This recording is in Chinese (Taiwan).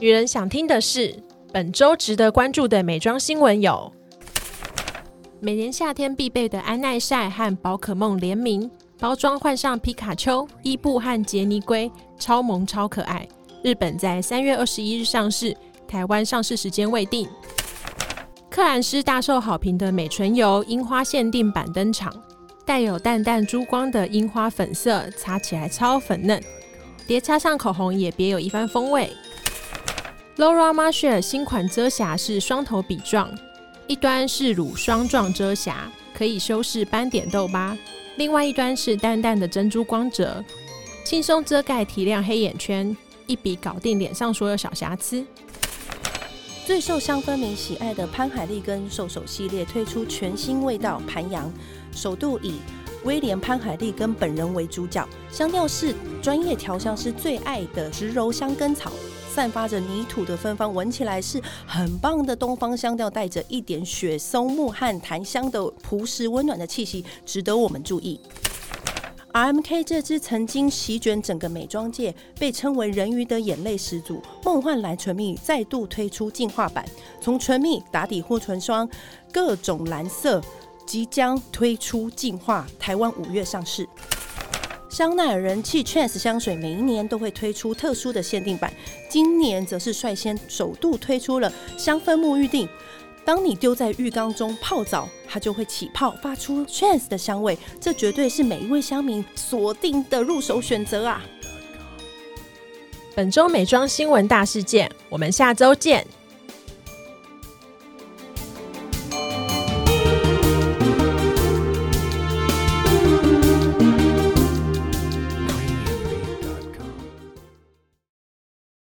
女人想聽的是本周值得關注的美妝新聞有：每年夏天必備的安耐曬和寶可夢聯名包裝換上皮卡丘、伊布和傑尼龜，超萌超可愛。日本在三月二十一日上市，台灣上市時間未定。克蘭詩大受好評的美唇油櫻花限定版登場，帶有淡淡珠光的櫻花粉色，擦起來超粉嫩，疊擦上口紅也別有一番風味。LAURA MERCIER 新款遮瑕是雙頭筆狀，一端是乳霜狀遮瑕，可以修飾斑點痘疤；另外一端是淡淡的珍珠光澤，輕鬆遮蓋提亮黑眼圈，一筆搞定臉上所有小瑕疵。最受香氛迷喜愛的潘海利根獸首系列推出全新味道——盤羊，首度以。威廉潘海利根本人為主角，香調是專業調香師最愛的植柔香根草，散發着泥土的芬芳，聞起來是很棒的東方香調，帶着一點雪松木和檀香的樸實溫暖的氣息，值得我們注意。RMK 這支曾經席捲整個美妝界，被稱為人魚的眼淚始祖，夢幻藍唇蜜再度推出進化版，從唇蜜打底護唇霜，各種藍色。即將推出進化，台灣五月上市。香奈兒人氣 Chance 香水，每一年都會推出特殊的限定版，今年則是率先首度推出了香氛沐浴錠。當你丟在浴缸中泡澡，它就會起泡，發出 Chance 的香味，這絕對是每一位香民鎖定的入手選擇啊！本周美妝新聞大事件，我們下周見。